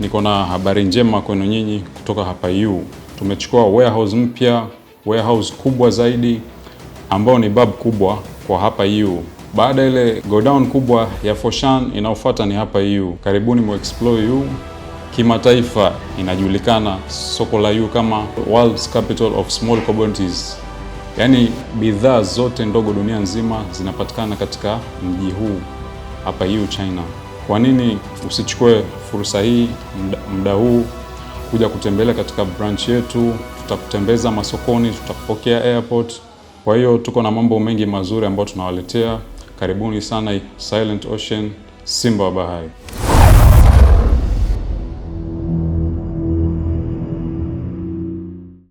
Niko na habari njema kwenu nyinyi kutoka hapa yu. Tumechukua warehouse mpya, warehouse kubwa zaidi ambayo ni bab kubwa kwa hapa yu. Baada ile godown kubwa ya Foshan, inayofuata ni hapa yu. Karibuni mu explore yu. Kimataifa inajulikana soko la yu kama World's Capital of Small commodities. Yaani bidhaa zote ndogo dunia nzima zinapatikana katika mji huu hapa yu China. Kwa nini usichukue fursa hii, muda huu kuja kutembelea katika branch yetu? Tutakutembeza masokoni, tutakupokea airport. Kwa hiyo tuko na mambo mengi mazuri ambayo tunawaletea. Karibuni sana Silent Ocean, Simba wa Bahari.